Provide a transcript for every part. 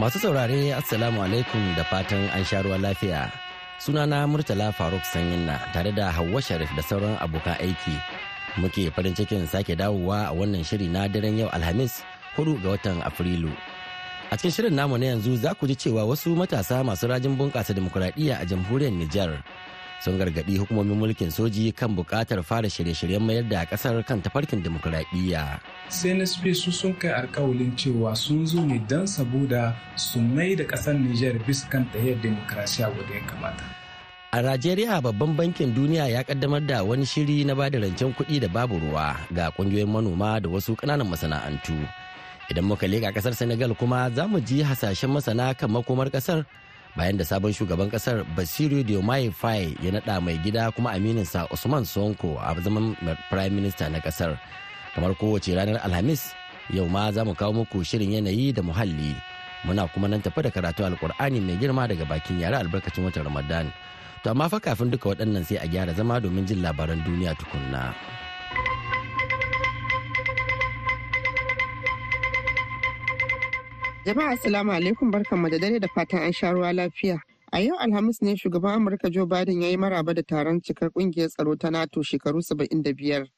Masu saurare Assalamu alaikum da fatan an sha ruwa lafiya. Sunana Murtala Faruk Sanyinna tare da Hauwa Sharif da sauran abokan aiki. Muke farin cikin sake dawowa a wannan shiri na daren yau Alhamis hudu ga watan Afrilu. A cikin shirin namu na yanzu za ku ji cewa wasu matasa masu rajin bunƙasa dimokuraɗiyya a jamhuriyar Nijar sun gargaɗi hukumomin mulkin soji kan buƙatar fara shirye-shiryen mayar da ƙasar kan tafarkin demokuraɗiyya. CNSP su sun kai alkawalin cewa sun zo ne don saboda su mai da ƙasar Nijar bisa kan tahiyar demokrasiya wadda ya kamata. A Najeriya babban bankin duniya ya kaddamar da wani shiri na bada rancen kuɗi da babu ruwa ga ƙungiyoyin manoma da wasu ƙananan masana'antu. Idan muka leƙa ƙasar Senegal kuma za mu ji hasashen masana kan makomar ƙasar bayan da sabon shugaban kasar basiru diomaye faye ya nada mai gida kuma sa usman sonko a zaman prime minister na kasar kamar kowace ranar alhamis yau ma za mu kawo muku shirin yanayi da muhalli muna kuma nan tafi da karatu alkur'ani mai girma daga bakin yara albarkacin watan ramadan to amma fa kafin duka waɗannan sai a gyara zama domin jin labaran duniya tukunna. Jama'a Assalamu alaikum barkanmu da dare da fatan an sha ruwa lafiya. A yau Alhamis ne shugaban Amurka Joe Biden ya yi maraba da taron cikar kungiyar tsaro ta NATO shekaru 75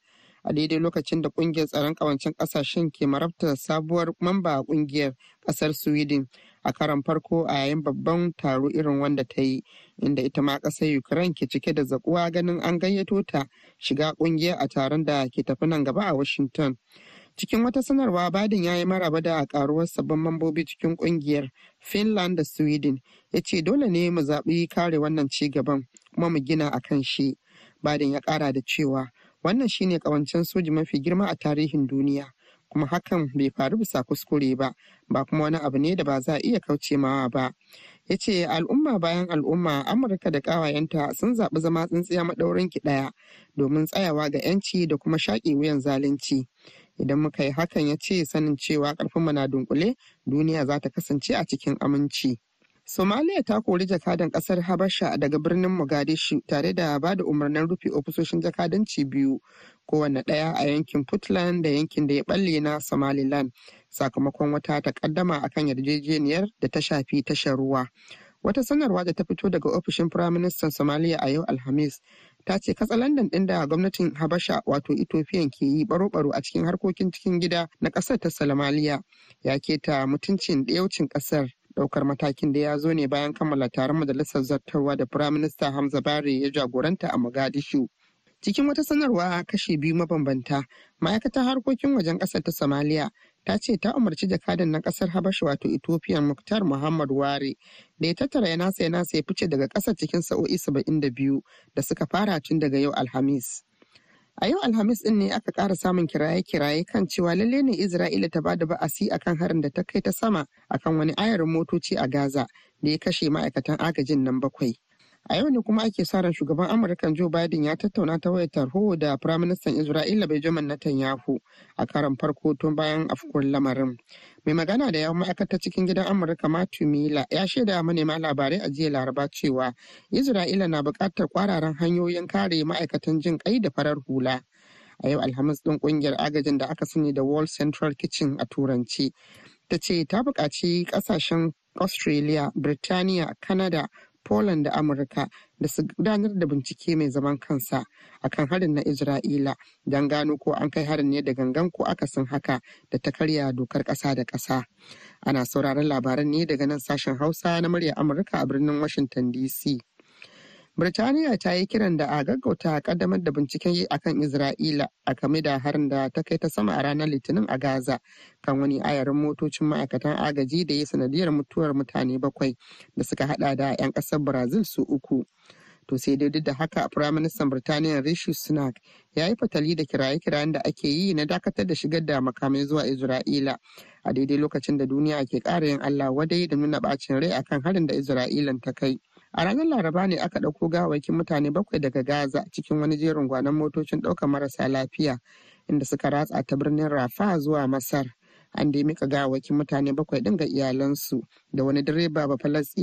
a daidai lokacin da kungiyar tsaron kawancin kasashen ke marabta sabuwar mamba a kungiyar kasar Sweden a karan farko a yayin babban taro irin wanda ta yi inda ita ma kasar Ukraine ke cike da zakuwa ganin an gayyato ta shiga kungiyar a taron da ke tafi nan gaba a Washington. Cikin wata sanarwa Badin ya yi maraba da karuwar sabbin mambobi cikin kungiyar Finland da Sweden ya ce dole ne mu zaɓi kare wannan ci gaban kuma mu gina a kan shi. Biden ya ƙara da cewa wannan shine ƙawancen soji mafi girma a tarihin duniya kuma hakan bai faru bisa kuskure ba ba kuma wani abu ne da ba za a iya kauce mawa ba. ya ce al'umma bayan al'umma amurka da ƙawayenta sun zaɓi zama tsintsiya maɗaurin ki ɗaya domin tsayawa ga 'yanci da kuma shaƙe wuyan zalunci idan muka yi hakan ya ce sanin cewa ƙarfinmu na dunkule duniya za ta kasance a cikin aminci somaliya ta kori jakadan kasar habasha daga birnin mogadishu tare da ba da umarnin rufe ofisoshin jakadanci biyu kowanne ɗaya a yankin puntland da yankin da ya balle na somaliland sakamakon wata takaddama akan yarjejeniyar da ta shafi tashar ruwa wata sanarwa da ta fito daga ofishin firaministan Somalia a yau alhamis ta ce katsalandan ɗin da gwamnatin habasha wato ethiopian ke yi baro-baro a cikin harkokin cikin gida na ƙasar ta salamaliya ya keta mutuncin ɗayaucin ƙasar Ɗaukar matakin da ya zo ne bayan kammala taron majalisar zartarwa da minista hamza bare ya jagoranta a mogadishu cikin wata sanarwa kashe biyu mabambanta ma'aikatar harkokin wajen ƙasar ta somaliya ta ce ta umarci jakadan na kasar habasha wato ethiopia muktar muhammad ware da ya tattara ya nasa ya nasa ya fice daga kasar cikin sa'o'i saba'in da biyu da suka fara tun daga yau alhamis a yau alhamis din ne aka ƙara samun kiraye-kiraye kan cewa lalle ne isra'ila ta bada ba'asi akan harin da ta kai ta sama akan wani ayarin motoci a gaza da ya kashe ma'aikatan agajin nan bakwai a yau ne kuma ake sa ran shugaban amurka joe biden ya tattauna ta wayar tarho da firaministan isra'ila benjamin netanyahu a karan farko tun bayan afkuwar lamarin mai magana da yawon ma'aikatar cikin gidan amurka matthew miller ya shaida manema labarai a jiya laraba cewa isra'ila na buƙatar kwararan hanyoyin kare ma'aikatan jin kai da farar hula a yau alhamis ɗin ƙungiyar agajin da aka sani da world central kitchen a turanci ta ce ta buƙaci ƙasashen australia birtaniya canada poland da amurka da su gudanar da bincike mai zaman kansa akan harin na isra'ila don gano ko an kai harin ne da gangan ko akasin haka da ta karya dokar kasa da kasa ana sauraron labaran ne daga nan sashen hausa na murya amurka a birnin washington dc Birtaniya ta yi kiran da a gaggauta kaddamar da binciken yi akan Isra'ila a game da harin da ta kai ta sama a ranar Litinin a Gaza kan wani ayarin motocin ma'aikatan agaji da ya sanadiyar mutuwar mutane bakwai da suka hada da 'yan kasar Brazil su uku. To sai dai duk da haka Firaministan Birtaniya Rishi Sunak ya yi fatali da kiraye-kirayen da ake yi na dakatar da shigar da makamai zuwa Isra'ila a daidai lokacin da duniya ke ƙara yin Allah wadai da nuna bacin rai akan harin da Isra'ilan ta kai. a ranar laraba ne aka ɗauko gawakin mutane bakwai daga gaza cikin wani jerin gwanon motocin ɗaukar marasa lafiya inda suka ratsa ta birnin rafa zuwa masar an da mika gawakin mutane bakwai ɗin ga iyalansu da wani direba ba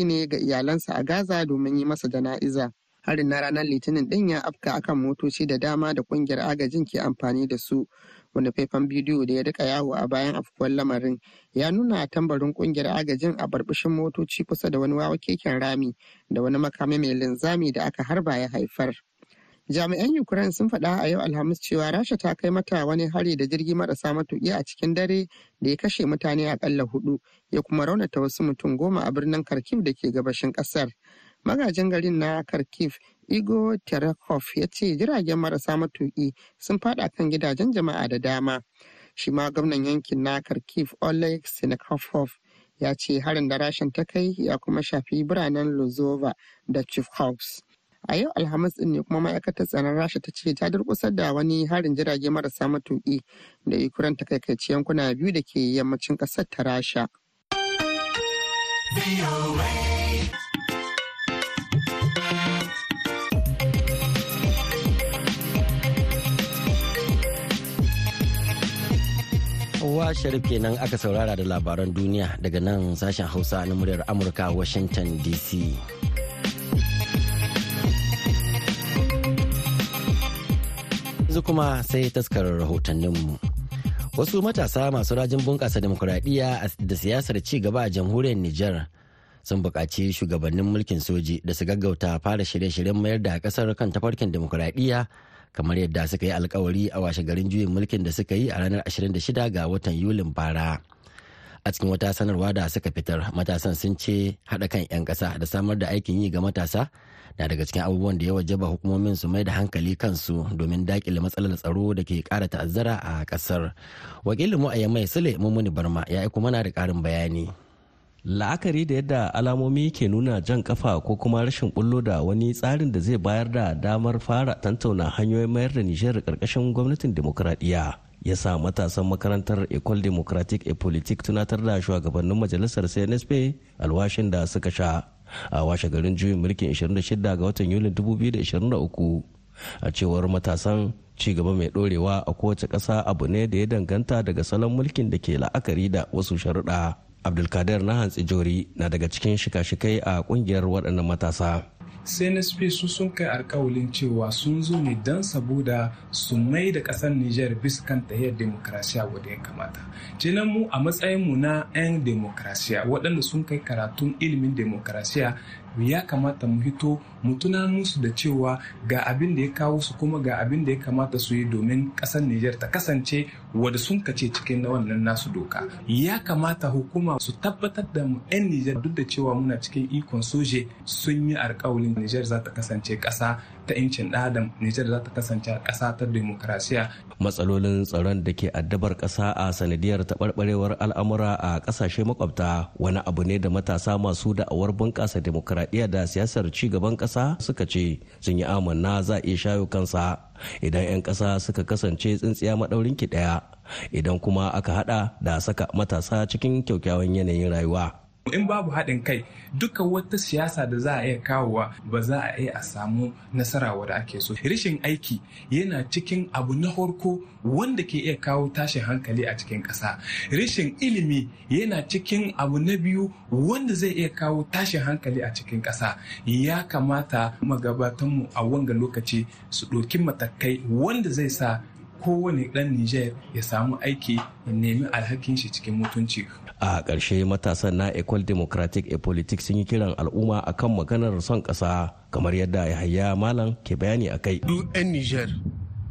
ne ga iyalansa a gaza domin yi masa jana'iza harin na ranar litinin ɗin ya afka akan motoci da dama da ƙungiyar agajin ke amfani da su wani faifan bidiyo da ya rika yawo a bayan afkuwar lamarin ya nuna tambarin kungiyar agajin a barbishin motoci kusa da wani wawa keken rami da wani makami mai linzami da aka harba ya haifar jami'an ukraine sun faɗa a yau alhamis cewa rasha ta kai mata wani hari da jirgi marasa matuki a cikin dare da ya kashe mutane akalla hudu ya kuma raunata wasu mutum goma a birnin kharkiv da ke gabashin ƙasar magajin garin na kharkiv igor terekov ya ce jiragen marasa matuki sun fada kan gidajen jama'a da dama shi ma gwamnan yankin na kharkiv oleg Sinekhov ya ce harin da rashin ta kai ya kuma shafi biranen luzova da chivhouse a yau alhamis ɗin ne kuma ma'aikatar tsaron rasha ta ce ta durkusar da wani harin jirage marasa matuƙi da ukraine ta yankuna biyu da ke yammacin ƙasar ta rasha kowa Sharif kenan aka saurara da labaran duniya daga nan sashen Hausa na muryar Amurka Washington DC. Yanzu kuma sai taskarar rahotanninmu. Wasu matasa masu rajin bunƙasa demokuraɗiyya da siyasar ci gaba a jamhuriyar Nijar sun buƙaci shugabannin mulkin soji da su gaggauta fara shirye-shiryen mayar da ƙasar kan tafarkin demokuraɗiyya kamar yadda suka yi alkawari a washe garin juyin mulkin da suka yi a ranar 26 ga watan yulin bara a cikin wata sanarwa da suka fitar matasan sun ce haɗa kan 'yan ƙasa da samar da aikin yi ga matasa na daga cikin abubuwan da ya wajaba hukumomin su mai da hankali kansu domin dakile matsalar tsaro da ke kara ta'azzara a ƙasar wakilin mu a yamai sule mummuni barma ya aiko mana da karin bayani la'akari da yadda alamomi ke nuna jan kafa ko kuma rashin bullo da wani tsarin da zai bayar da damar fara tantauna hanyoyin mayar da nijar karkashin gwamnatin demokuraɗiyya ya sa matasan makarantar ecole democratique et politique tunatar da shugabannin majalisar cnsp alwashin da suka sha a washe garin juyin mulkin 26 ga watan yulin 2023 a cewar matasan ci gaba mai dorewa a kowace ƙasa abu ne da ya danganta daga salon mulkin da ke la'akari da wasu sharuɗa abdulkadir na hantsi jori na daga cikin shika-shikai a kungiyar waɗannan matasa cnsp su sun kai alkawalin cewa sun zo ne don saboda su mai da ƙasar niger bisa kan tahiyar demokrasiya wadda ya kamata kenan mu a matsayin mu na 'yan demokrasiya waɗanda sun kai karatun ilimin demokrasiya ya kamata mu hito mu tuna musu da cewa ga abin da ya kawo su kuma ga abin da ya kamata su yi domin ƙasar niger ta kasance wadda sun kace cikin na wannan nasu doka ya kamata hukuma su tabbatar da mu 'yan Nijar duk da cewa muna cikin ikon soje sun yi alkawalin Nijar za ta kasance ƙasa ta incin adam Nijar za ta kasance kasa ta demokrasiya. Matsalolin tsaron da ke addabar ƙasa a sanadiyar taɓarɓarewar al'amura a ƙasashe makwabta wani abu ne da matasa masu da'awar bunƙasa demokradiyya da siyasar ci gaban ƙasa suka ce sun yi amanna za a iya shayo kansa. idan 'yan ƙasa suka kasance tsintsiya maɗaurin ki ɗaya idan kuma aka haɗa da saka matasa cikin kyaukyawan yanayin rayuwa in babu haɗin kai duka wata siyasa da za a iya kawowa ba za a iya a samu nasara wadda ake so rashin aiki yana cikin abu na farko wanda ke iya kawo tashin hankali a cikin ƙasa rashin ilimi yana cikin abu na biyu wanda zai iya kawo tashin hankali a cikin ƙasa ya kamata magabatanmu a wanga lokaci su ɗauki matakai wanda zai sa kowane ɗan Nijar ya samu aiki ya nemi alhakin shi cikin mutunci. A ƙarshe matasan na Ecole Democratic e Politics sun yi kiran al'umma a kan maganar son ƙasa kamar yadda Yahaya Malam ke bayani a kai. Duk 'yan Nijar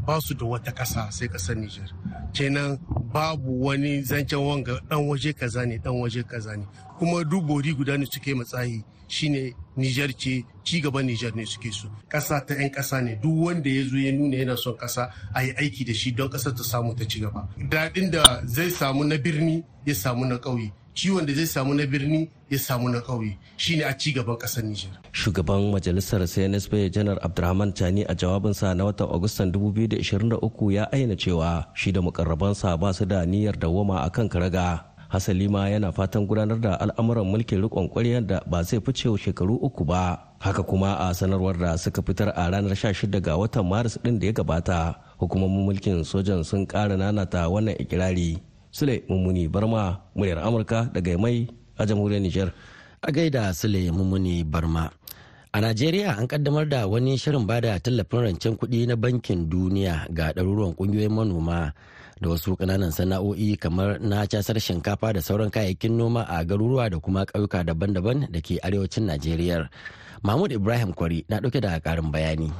ba su da wata ƙasa sai ƙasar Nijar. Kenan babu wani zancen wanga ɗan waje kaza ne ɗan waje kaza ne kuma duk bori guda ne suke matsayi shine Nijar ce ci gaban Nijar ne suke so. Ƙasa ta 'yan ƙasa ne duk wanda ya zo ya nuna yana son ƙasa a yi aiki da shi don ƙasar ta samu ta ci gaba. Daɗin da zai samu na birni ya samu na ƙauye. ciwon da zai samu na birni ya samu na ƙauye shine a ci gaban ƙasar Nijar. Shugaban majalisar CNSP Janar Abdurrahman Chani a jawabinsa na watan Agustan 2023 ya ayyana cewa shi da mukarrabansa ba su da niyyar dawoma akan karaga hasali ma yana fatan gudanar da al'amuran mulkin rikon kwarya da ba zai fice shekaru uku ba haka kuma a sanarwar da suka fitar a ranar 16 ga watan maris din da ya gabata hukumomin mulkin sojan sun ƙara nanata wannan ikirari sule mummuni barma muryar amurka daga mai a jamhuriyar niger a gaida sule mummuni barma A Najeriya an kaddamar da wani shirin bada tallafin rancen kuɗi na bankin duniya ga ɗaruruwan ƙungiyoyin manoma da wasu ƙananan sana'o'i kamar na casar shinkafa da sauran kayayyakin noma a garuruwa da kuma ƙauyuka daban-daban da ke arewacin najeriya mahmud ibrahim kwari na ɗauke da ƙarin bayani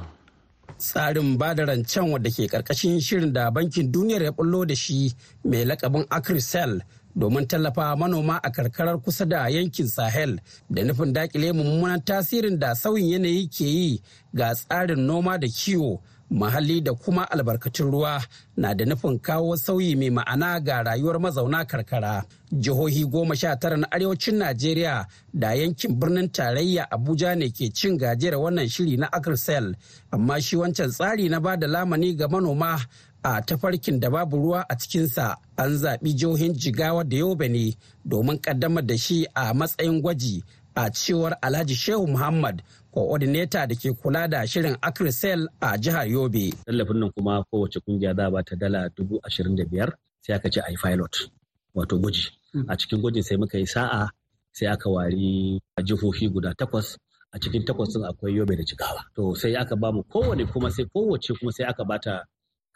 tsarin ba da rancen wadda ke ƙarƙashin shirin da bankin duniyar ya bullo da shi mai lakabin acrisel domin tallafa manoma a karkarar kusa da yankin sahel da nufin dakile mummunan tasirin da sauyin yanayi ke yi ga tsarin noma da kiwo muhalli da kuma albarkacin ruwa na da nufin kawo sauyi mai ma'ana ga rayuwar mazauna karkara jihohi goma sha tara na arewacin najeriya da yankin birnin tarayya abuja ne ke cin gajiyar wannan shiri na akrsel amma shi wancan tsari na ba da lamani ga manoma a tafarkin da babu ruwa a cikinsa an zaɓi jihohin jigawa da yobe ne domin ƙaddamar da shi a matsayin gwaji a cewar alhaji shehu muhammad coordinator da ke kula da shirin Acrisel a jihar Yobe. Tallafin nan kuma kowace kungiya za ba ta dala dubu ashirin da biyar sai aka ce a yi pilot wato guji. Hmm. A cikin gwajin sai muka yi sa'a sai aka wari jihohi guda takwas a cikin takwas sun akwai yobe da jigawa. To sai aka ba mu kowane kuma sai kowace kuma sai aka bata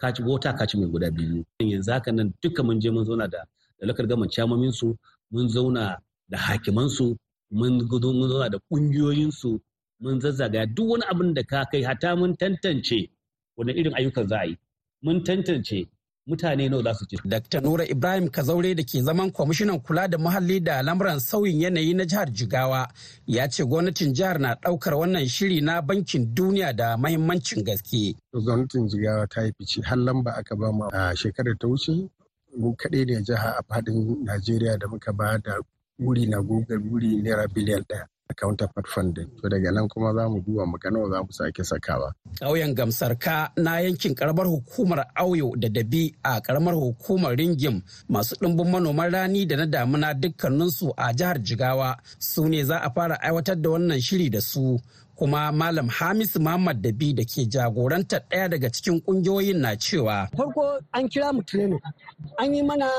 kaci wota kaci mai guda biyu. Yanzu haka nan duka mun je mun zauna da dalakar gaman camomin su mun zauna da hakimansu mun zauna da kungiyoyinsu mun zazzagaya duk wani abin da ka kai hata mun tantance wani irin ayyukan za a yi mun tantance mutane nawa za su ci. Dr. Nura Ibrahim Kazaure da ke zaman kwamishinan kula da muhalli da lamuran sauyin yanayi na jihar Jigawa ya ce gwamnatin jihar na daukar wannan shiri na bankin duniya da mahimmancin gaske. Gwamnatin Jigawa ta yi fice har lamba aka ba mu a shekarar ta wuce mu kaɗai ne jiha a faɗin Najeriya da muka ba da wuri na Google wuri naira biliyan ɗaya. counterpart funding to daga nan kuma za mu duba mu nawa za mu sake sakawa ƙauyen gamsarka na yankin karamar hukumar auyo da dabi a karamar hukumar ringim masu ɗimbin manoman rani da na damuna dukkaninsu a jihar jigawa su ne za a fara aiwatar da wannan shiri da su kuma malam hamisu muhammad dabi da ke jagoranta ɗaya daga cikin ƙungiyoyin na cewa farko an kira mu training an yi mana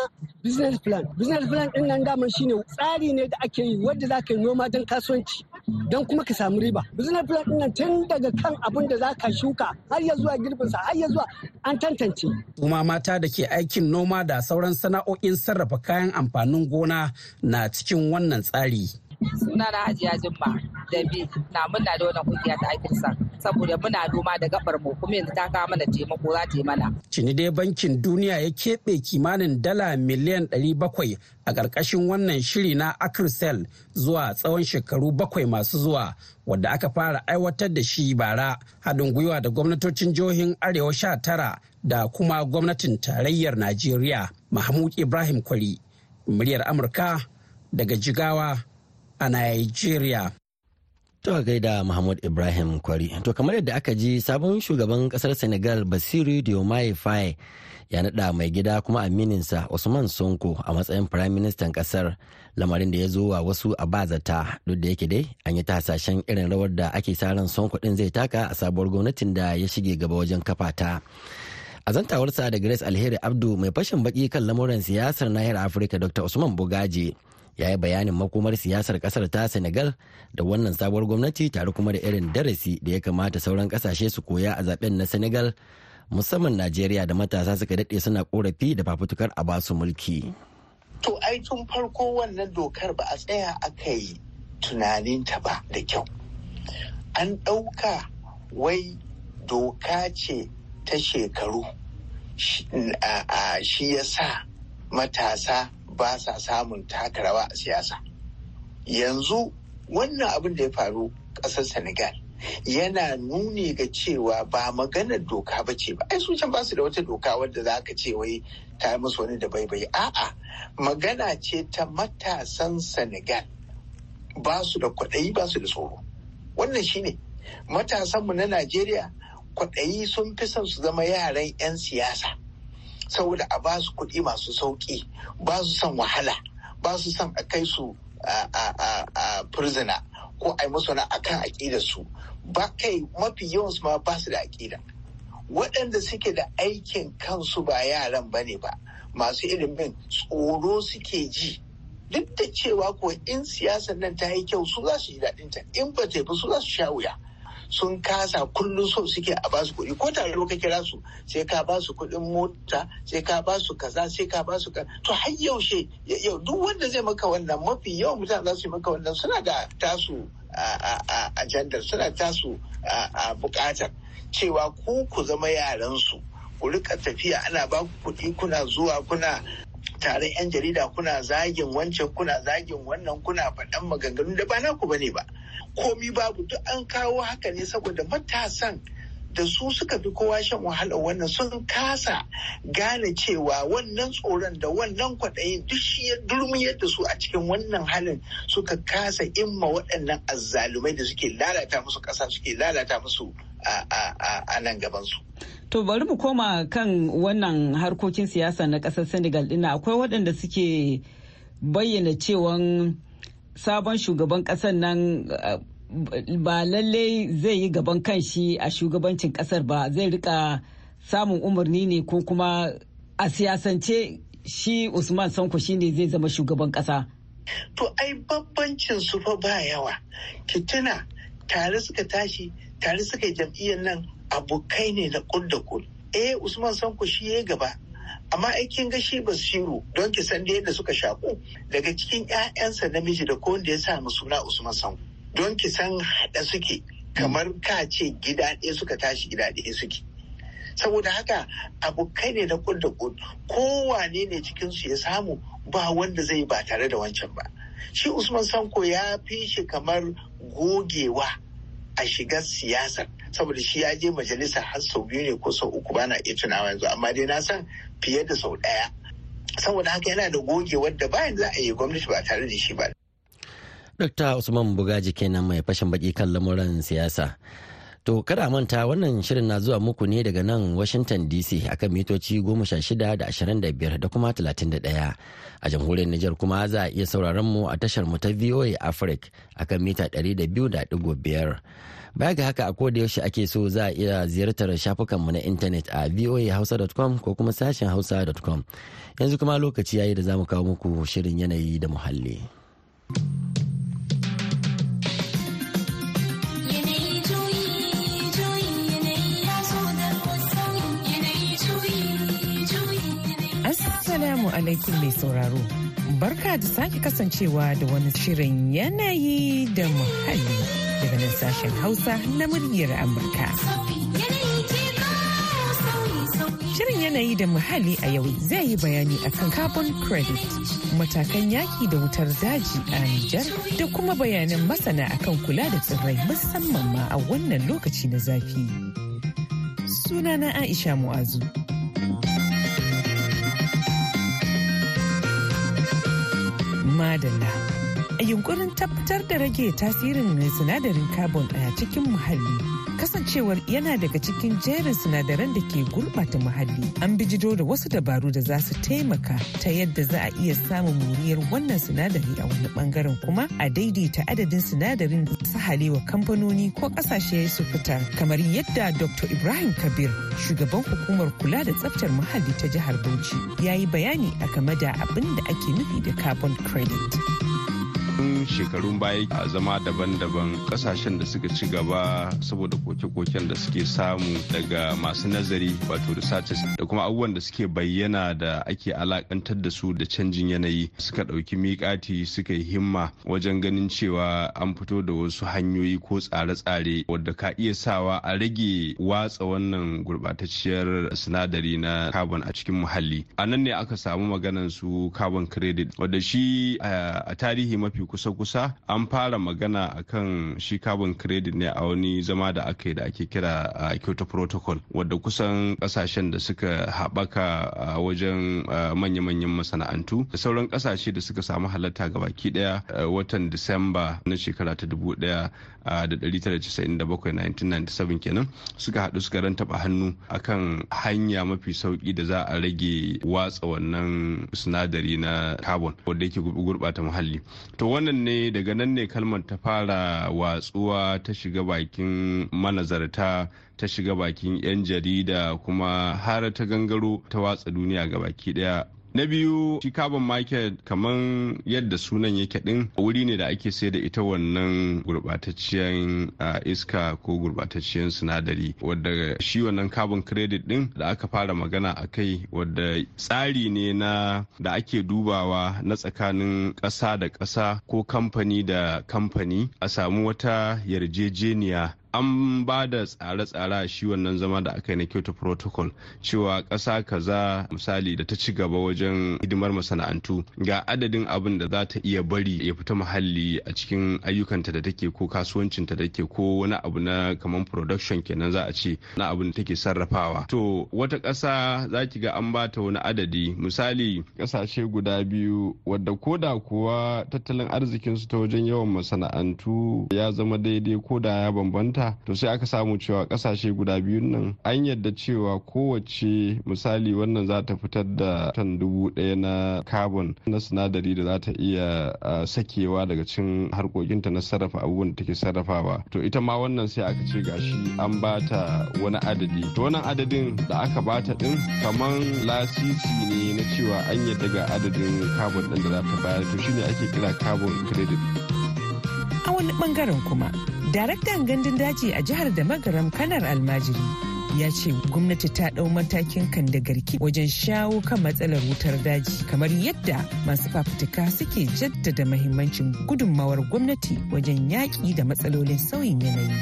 business plan business plan ɗin nan daman shine tsari ne da ake yi wanda zaka yi noma don kasuwanci don kuma ka samu riba business plan ɗin nan tun daga kan abin da zaka shuka har ya zuwa girbinsa har ya zuwa an tantance kuma mata da ke aikin noma da sauran sana'o'in sarrafa kayan amfanin gona na cikin wannan tsari suna na hajiya jimma da bi na muna da wannan kungiya ta aikinsa saboda muna noma da gabar mu kuma yanzu ta kawo mana taimako za ta yi mana. Cini dai bankin duniya ya keɓe kimanin dala miliyan ɗari bakwai a ƙarƙashin wannan shiri na Acrisel zuwa tsawon shekaru bakwai masu zuwa wadda aka fara aiwatar da shi bara haɗin gwiwa da gwamnatocin jihohin Arewa sha tara da kuma gwamnatin tarayyar Najeriya Mahmud Ibrahim Kwari muryar Amurka daga Jigawa a Nigeria. To gaida Muhammad Ibrahim Kwari. To kamar yadda aka ji sabon shugaban kasar Senegal Basiru Diomaye Faye ya naɗa mai gida kuma amininsa Usman Sonko a matsayin Prime Minister kasar lamarin da ya zo wa wasu a bazata duk da yake dai an yi ta hasashen irin rawar da ake sa ran Sonko din zai taka a sabuwar gwamnatin da ya shige gaba wajen kafa ta. A zantawarsa da Grace Alheri Abdu mai fashin baki kan lamuran siyasar nahiyar Afirka Dr. Usman Bugaje ya yi bayanin makomar siyasar kasar ta senegal da wannan sabuwar gwamnati tare kuma da irin darasi da ya kamata sauran kasashe su koya a zaben na senegal musamman najeriya da matasa suka daɗe suna korafi da fafutukar a basu mulki to ai tun farko wannan dokar ba a tsaya aka yi tunanin ta ba da kyau an ɗauka wai doka ce ta shekaru shi ya sa matasa ba sa samun taka rawa a siyasa yanzu wannan abin da ya faru ƙasar senegal yana nuni ga cewa ba maganar doka ba ce ba ai su can ba su da wata doka wadda za ka ce wai ta yi musu wani da baibai a'a magana ce ta matasan senegal ba su da kwaɗayi ba su da tsoro wannan shine matasanmu na najeriya kwaɗayi sun fi son su zama yaran 'yan siyasa saboda a basu su kuɗi masu sauƙi ba su son wahala ba su son a kai su a firzina ko a yi musu na akan aƙidar su ba kai mafi yawansu ma ba su da aƙida waɗanda suke da aikin kansu ba yaran ba ne ba masu ilimin tsoro suke ji duk da cewa ko in siyasar nan ta yi kyau su za su yi daɗinta in ba ta yi su za su sha wuya sun kasa kullum so suke a basu kuɗi ko tare ka kira su sai ka basu kuɗin mota sai ka basu kaza sai ka basu ka to har yaushe yau duk wanda zai maka wannan mafi yawan mutane za su yi maka wannan suna da tasu a ajandar suna tasu a buƙatar. cewa ku ku zama yaran su ku rika tafiya ana ba ku kuɗi kuna zuwa kuna taron 'yan jarida kuna zagin wancan kuna zagin wannan kuna faɗan maganganu da ba naku bane ba komi babu duk an kawo haka ne saboda matasan da su suka fi kowa shan wahala wannan sun kasa gane cewa wannan tsoron da wannan kwaɗayin duk shi ya da su a cikin wannan halin suka kasa imma waɗannan azzalumai da suke lalata musu ƙasa suke lalata musu a nan gabansu. To bari mu koma kan wannan harkokin siyasa na ƙasar Senegal ɗina akwai waɗanda suke bayyana cewan sabon shugaban ƙasar nan eh, ba lalle zai yi gaban kanshi a shugabancin kasar ba zai rika samun umarni ne ko kuma a siyasance shi usman sanko ne zai zama shugaban kasa. to ai babbancin su fa ba yawa kituna tare suka tashi tare suka yi jam'iyyar nan abokai ne na kud da eh usman sanko shi ya gaba amma aikin gashi shiru don ki san da suka shaku daga cikin 'ya'yansa namiji da ko wanda ya sa musu na usman sanku don ki san haɗa suke kamar ka ce gida ɗaya suka tashi gida ɗaya suke saboda haka abu kai ne na kud da kud kowane ne cikinsu ya samu ba wanda zai ba tare da wancan ba shi usman sanko ya fi shi kamar gogewa a shiga siyasar saboda shi ya je majalisa har sau biyu ne ko sau uku bana iya tunawa yanzu amma dai na san fiye da sau ɗaya saboda haka yana da goge wadda bayan za a yi gwamnati ba tare da shi ba. dr Usman Bugaji kenan mai fashin baki kan lamuran siyasa. To kada manta wannan shirin na zuwa muku ne daga nan Washington DC akan mitoci 16 da 25 da kuma 31 a jamhuriyar Nijar kuma za a iya sauraron mu a tashar mu ta VOA Africa akan mita 200.5. Baya ga haka a koda yaushe ake so za a iya ziyartar shafukanmu na intanet a voahausa.com ko kuma sashen hausa.com. Yanzu kuma lokaci yayi da za mu kawo muku shirin yanayi da muhalli. Assalamu alaikum mai sauraro. Barka da sake kasancewa da wani shirin yanayi da muhalli. daga nan sashen Hausa na muryar Amurka. Shirin yanayi da muhalli a yau zai yi bayani akan carbon credit, matakan yaki da wutar daji a Nijar da kuma bayanan masana akan kula da tsirrai musamman ma a wannan lokaci na zafi. Sunana Aisha Mu'azu. Madalla. yunkurin tabbatar da rage tasirin sinadarin carbon a cikin muhalli kasancewar yana daga cikin jerin sinadaran da ke gurbata muhalli an bijido da wasu dabaru da za su taimaka ta yadda za a iya samun muriyar wannan sinadari a wani bangaren kuma a daidaita adadin sinadarin su halewa kamfanoni ko kasashe su fita kamar yadda dr ibrahim kabir shugaban hukumar kula da tsaftar muhalli ta jihar bauchi ya yi bayani a game da abin da ake nufi da carbon credit. tun shekarun baya a zama daban-daban kasashen da suka ci gaba saboda koke-koken da suke samu daga masu nazari wato researches da kuma abubuwan da suke bayyana da ake alakantar da su da canjin yanayi suka ɗauki miƙati suka yi himma wajen ganin cewa an fito da wasu hanyoyi ko tsare-tsare wadda ka iya sawa a rage watsa wannan gurbatacciyar sinadari na carbon a cikin muhalli a nan ne aka samu maganan su carbon credit wadda shi eh, a tarihi mafi kusa-kusa an fara magana akan shi carbon credit ne a wani zama da aka yi da ake kira a uh, Kyoto Protocol wadda kusan kasashen da suka haɓaka a uh, wajen uh, manya-manyan masana'antu da sauran kasashe da suka samu halatta ga baki daya watan Disamba na shekara ta 1997 kenan suka haɗu suka rantaba hannu akan hanya mafi sauki da za a rage watsa wannan sinadari na carbon wadda yake gurbata muhalli to wannan ne daga nan ne kalmar ta fara watsuwa ta shiga bakin manazarta ta shiga bakin 'yan jarida kuma har ta gangaro ta watsa duniya ga baki daya na biyu shi carbon market kaman yadda sunan yake din wuri ne da ake sai da ita wannan gurbatacciyar iska ko gurbatacciyar sinadari wadda shi wannan carbon credit din da aka fara magana a kai wadda tsari ne na da ake dubawa na tsakanin ƙasa da ƙasa ko kamfani da kamfani a samu wata yarjejeniya an ba da tsare-tsare a shi wannan zama da aka yi na kyoto protocol cewa ƙasa kaza misali da ta ci gaba wajen hidimar masana'antu ga adadin abin da za ta iya bari ya fita muhalli a cikin ayyukanta da take ko kasuwancinta da take ko wani abu na kamar production kenan za a ce na abin da take sarrafawa to wata ƙasa za ki ga an ba ta wani adadi misali ƙasashe guda biyu wadda koda kuwa tattalin arzikinsu ta wajen yawan masana'antu ya zama daidai ko da ya bambanta ƙasa to sai aka samu cewa kasashe guda biyun nan an yadda cewa kowace misali wannan za ta fitar da tan dubu ɗaya na carbon na sinadari da za ta iya sakewa daga cin harkokinta na sarrafa abubuwan da take sarrafawa to ita ma wannan sai aka ce gashi an ba ta wani adadi to wannan adadin da aka ba ta din kamar lasisi ne na cewa an yadda ga adadin carbon ɗin da za ta bayar to shine ake kira carbon credit a wani bangaren kuma daraktan gandun daji a jihar da magaram kanar almajiri ya ce gwamnati ta ɗau matakin kan da garki wajen shawo kan matsalar wutar daji kamar yadda masu fafutuka suke jaddada mahimmancin gudunmawar gwamnati wajen yaƙi da matsalolin sauyin yanayi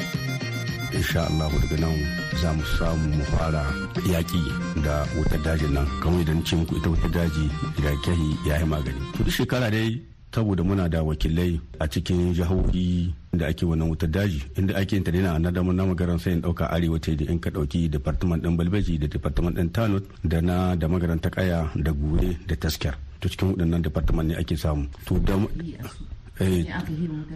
insha Allah daga nan za mu samu mu fara yaƙi da wutar dajin nan kamar idan ce muku ita wutar daji rigakafi ya yi magani to shekara dai saboda muna da wakilai a cikin jihohi da ake wannan wutar daji inda ake yin ta na damar na magaran sai in dauka arewa ce da in ka dauki department din balbeji da department din tanut da na da magaran ta kaya da gure da tasker to cikin waɗannan department ne ake samu to da Eh,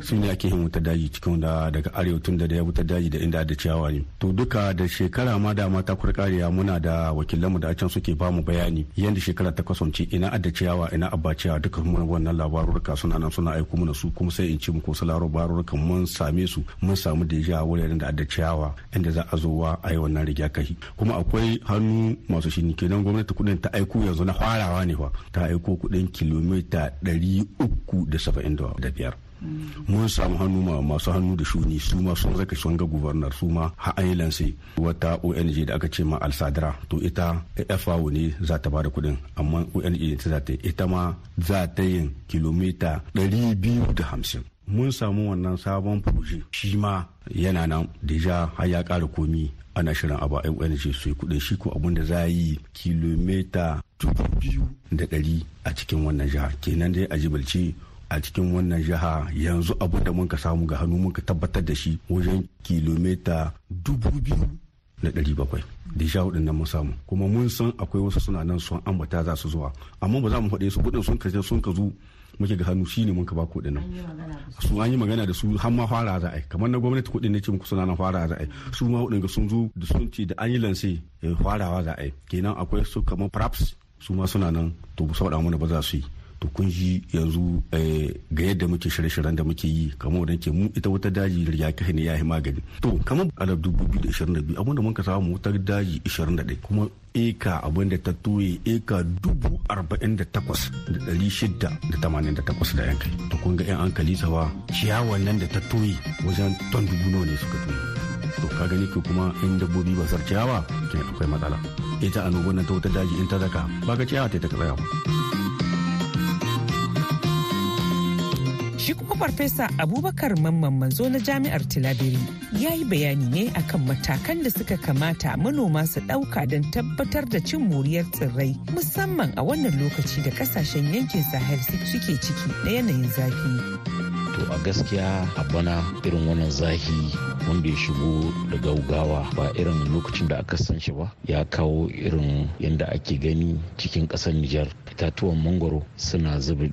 su ne ake yin wuta daji cikin da daga arewa tun da ya wuta daji da inda da ciyawa ne to duka da shekara ma da mata kurkariya muna da wakilanmu da a can suke bamu bayani yadda shekara ta kasance ina adda ciyawa ina abba ciyawa duka mun wannan labarurka suna nan suna aiko mana su kuma sai in ci muku su labarurka mun same su mun samu deja wuraren da adda ciyawa inda za a zo wa a yi wannan kai kuma akwai hannu masu shi kenan gwamnati kudin ta aiko yanzu na farawa ne fa ta aiko kudin kilomita 370 biyar mun samu hannu ma masu hannu da shuni su ma sun zaka sun ga gubernar su ma ha wata ONG da aka ce ma al to ita FAO ne za ta bada kuɗin. amma ONG ta za ta ita ma za ta yin kilomita 250 mun samu wannan sabon proje. shi ma yana nan deja har ya kara komi ana shirin a ONG su yi kudin shi ko abin da za yi kilomita dubu da ɗari a cikin wannan jihar kenan dai a jibalci a cikin wannan jiha yanzu abu da muka samu ga hannu muka tabbatar da shi wajen kilomita dubu biyu na ɗari bakwai da sha hudun nan mun samu kuma mun san akwai wasu suna nan sun ambata za su zuwa amma ba za mu faɗe su kuɗin sun kaje sun ka zu muke ga hannu shine mun ka ba kuɗin nan su an yi magana da su har ma fara za a kamar na gwamnati kuɗin ne ce muku suna nan fara za a su ma hudun ga sun zo da sun ce da an yi lansi eh, farawa za a kenan akwai su kamar praps su ma suna nan to ba su faɗa mana ba za su yi to kun ji yanzu eh, ga yadda muke shirye-shiryen da muke yi kamar wadda ke mu ita wata daji kai ne ya yi magani to kamar alar dubu biyu da ishirin da biyu abinda muka samu wata daji ishirin da ɗaya kuma eka abinda ta toye eka dubu arba'in da takwas da ɗari shida da tamanin da takwas da yankai to kun ga yan an kalisa ba ciyawan nan da ta toye wajen ton dubu nawa ne suka toye to ka gani ko kuma in dabbobi ba sar ciyawa? ke akwai matsala ita annoban nan ta wata daji in ta zaka ba ga ciyawa ta ta tsaya ba Shi kuma Farfesa Abubakar Mamman Manzo na Jami'ar Tilabiri ya yi bayani ne akan matakan da suka kamata manoma su ɗauka don tabbatar da cin moriyar tsirrai musamman a wannan lokaci da kasashen yankin Sahel suke ciki na yanayin zafi. to a gaskiya a bana irin wannan zahi wanda ya shigo da gaugawa ba irin lokacin da aka san shi ba ya kawo irin yadda ake gani cikin ƙasar nijar itatuwan mangoro suna zuba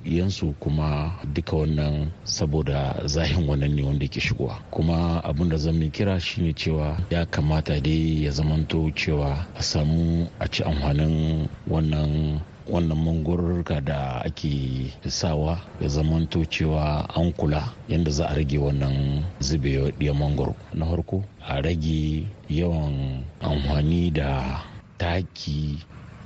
kuma duka wannan saboda zahin wannan ne wanda ke shigowa kuma abin da zan kira shine cewa ya kamata dai ya zamanto cewa a samu a ci amfanin wannan wannan mangororka da ake sawa ya zama cewa an kula yadda za a rage wannan zubewa ɗiyan mangoro na farko a rage yawan amfani da taki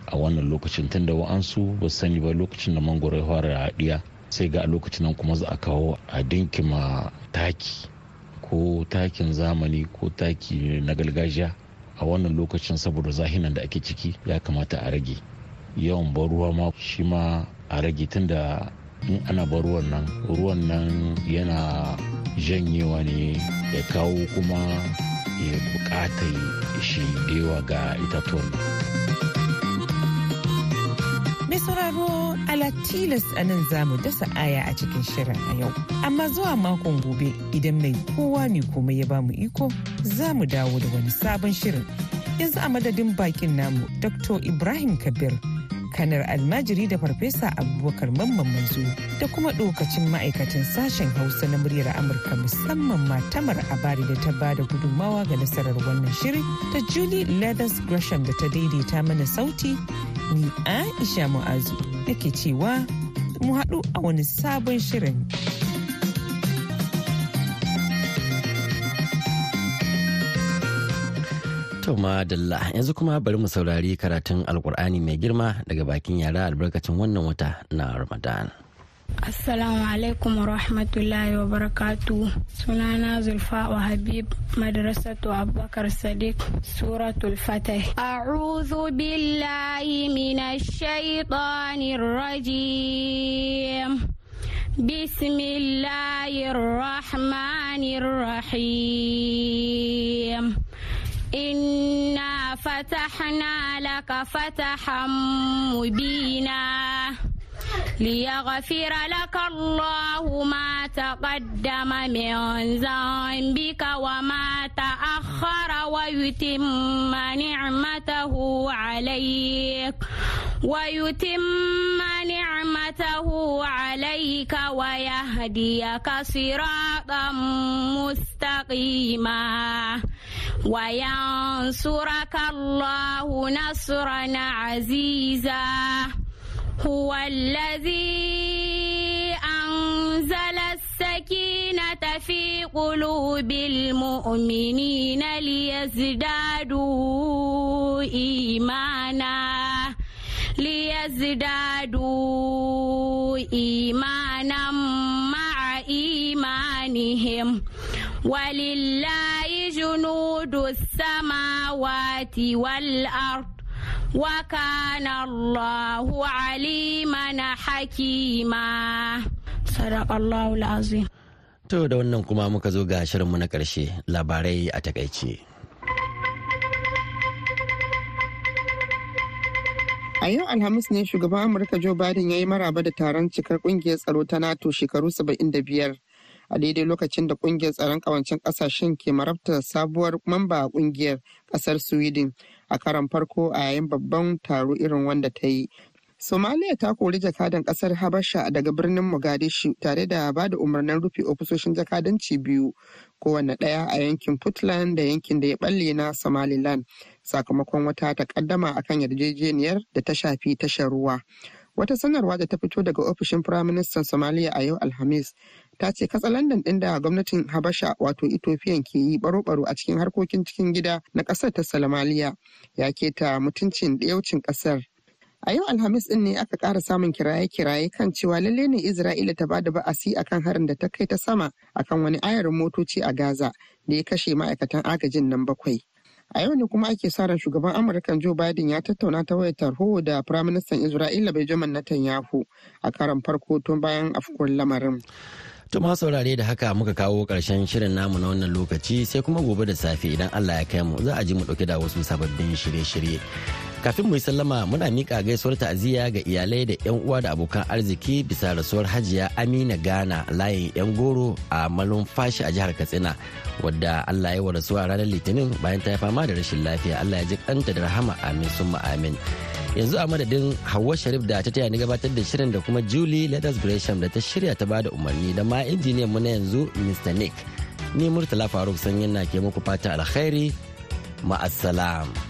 a wannan lokacin tunda wa'ansu ba sani ba lokacin da mangoro ya fara ɗiya sai ga a lokacin nan kuma za a kawo a dinki ma taki ko takin zamani ko taki na gargajiya a wannan lokacin saboda zahinan da ake ciki ya kamata a rage yawan baruwa ma shi ma a rage tunda in ana baruwan ruwan nan ruwan nan yana janyewa ne ya kawo kuma ya bukata shi dewa ga itatuwan mai sauraro ala tilas a nan zamu dasa aya a cikin shirin a yau amma zuwa makon gobe idan mai kowa ne kuma ya bamu iko za mu dawo da wani sabon shirin yanzu a madadin bakin namu dr ibrahim kabir kanar almajiri da farfesa abubakar mamman manzo da kuma dokacin ma'aikatan sashen hausa na muryar amurka musamman matamar abari da ta bada gudunmawa ga nasarar wannan shirin ta julie leathers gresham da ta daidaita mana sauti ni aisha mu'azu ke cewa mu haɗu a wani sabon shirin. ma dalla yanzu kuma bari mu saurari karatun alkur'ani mai girma daga bakin yara albarkacin wannan wata na Ramadan. Assalamu alaikum wa rahmatullahi wa barakatu sunana Zulfa wa Habib madrasatu Abubakar Sadiq suratul Fatih A'udhu billahi minash shaitanir rajim Bismillahir إنا فتحنا لك فتحا مبينا ليغفر لك الله ما تقدم من ذنبك وما تأخر ويتم نعمته عليك ويتم نعمته عليك ويهديك صراطا مستقيما وينصرك الله نصرا عزيزا هو الذي أنزل السكينة في قلوب المؤمنين ليزدادوا إيمانا ليزدادوا إيمانا مع إيمانهم Walillahi ولله جنود السماوات والأرض وكان الله عليما hakima صدق الله العظيم To da wannan kuma muka zo ga shirinmu na ƙarshe labarai a takaice. A yau Alhamis ne shugaban Amurka Joe Biden ya yi maraba da taron cikar kungiyar tsaro ta NATO shekaru 75. a daidai lokacin da kungiyar tsaron kawancin kasashen ke marabta sabuwar mamba a kungiyar kasar sweden a karan farko a yayin babban taro irin wanda ta yi somaliya ta kori jakadan kasar habasha daga birnin mogadishu tare da ba da umarnin rufe ofisoshin jakadanci biyu kowane ɗaya a yankin puntland da yankin da ya balle na somaliland sakamakon wata takaddama akan yarjejeniyar da ta shafi tashar ruwa wata sanarwa da ta fito daga ofishin firaministan somaliya a yau alhamis ta ce katsalandan ɗin da gwamnatin habasha wato itofiyan ke yi baro-baro a cikin harkokin cikin gida na ƙasar ta salamaliya ya keta mutuncin yaucin ƙasar a yau alhamis ɗin ne aka kara samun kiraye-kiraye kan cewa lalle ne isra'ila ta bada ba'asi akan harin da ta kai ta sama akan wani ayarin motoci a gaza da ya kashe ma'aikatan agajin nan bakwai a yau ne kuma ake sa ran shugaban amurkan joe biden ya tattauna ta wayar tarho da firaministan isra'ila benjamin netanyahu a karan farko tun bayan afkuwar lamarin Tuma saurare da haka muka kawo ƙarshen shirin namu na wannan lokaci sai kuma gobe da safe idan Allah ya kai mu za a ji mu ɗauke da wasu sababbin shirye-shirye. kafin mu yi sallama muna mika gaisuwar ta'aziyya ga iyalai da 'yan uwa da abokan arziki bisa rasuwar hajiya amina gana layin 'yan goro a fashi a jihar katsina wadda allah ya wa rasuwa ranar litinin bayan ta ya fama da rashin lafiya allah ya ji kanta da rahama amin summa amin yanzu a madadin hawa sharif da ta taya ni gabatar da shirin da kuma julie letters gresham da ta shirya ta bada umarni da ma injiniyan mu na yanzu mr nick ni murtala faruk sanyin na ke muku fata alkhairi ma'assalam.